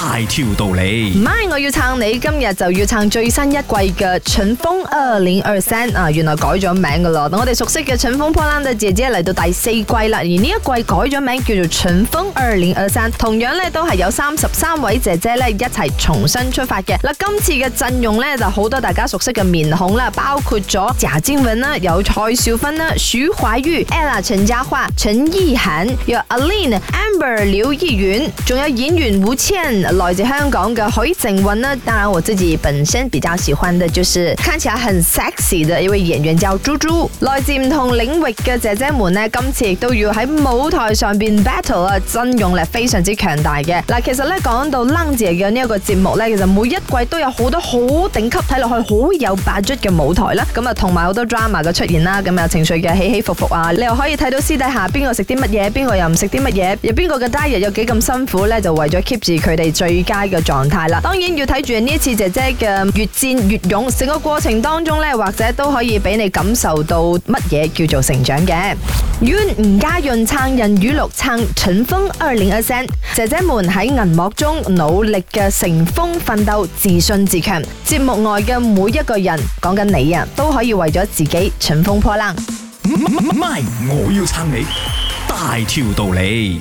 大條道理，唔係我要撐你，今日就要撐最新一季嘅《乘風二零二三》啊！原來改咗名噶咯，我哋熟悉嘅《乘風破浪》嘅姐姐嚟到第四季啦。而呢一季改咗名叫做《乘風二零二三》，同樣咧都係有三十三位姐姐咧一齊重新出發嘅。嗱、啊，今次嘅陣容咧就好多大家熟悉嘅面孔啦，包括咗賈靜雯啦，有蔡少芬啦，徐、啊、懷玉、Ella、陳嘉樺、陳意涵，有 Aline Amber、Amber、劉逸雲，仲有演員吳倩。來自香港嘅許靖韻呢，當然我自己本身比較喜歡嘅就是看起來很 sexy 嘅一位演員叫豬豬。來自唔同領域嘅姐姐們呢，今次亦都要喺舞台上邊 battle 啊，陣容咧非常之強大嘅。嗱，其實呢，講到《冷 u n g 嘅呢一個節目呢，其實每一季都有好多好頂級睇落去好有爆珠嘅舞台啦，咁啊同埋好多 drama 嘅出現啦，咁啊情緒嘅起起伏伏啊，你又可以睇到私底下邊個食啲乜嘢，邊個又唔食啲乜嘢，入邊個嘅 day 又幾咁辛苦呢？就為咗 keep 住佢哋。最佳嘅狀態啦，當然要睇住呢次姐姐嘅越戰越勇，成個過程當中呢，或者都可以俾你感受到乜嘢叫做成長嘅。願吳、 嗯、家潤撐人，雨露撐乘風二零二三姐姐們喺銀幕中努力嘅乘風奮鬥，自信自強。節目外嘅每一個人，講緊你啊，都可以為咗自己乘風破浪。唔係，我要撐你，大條道理。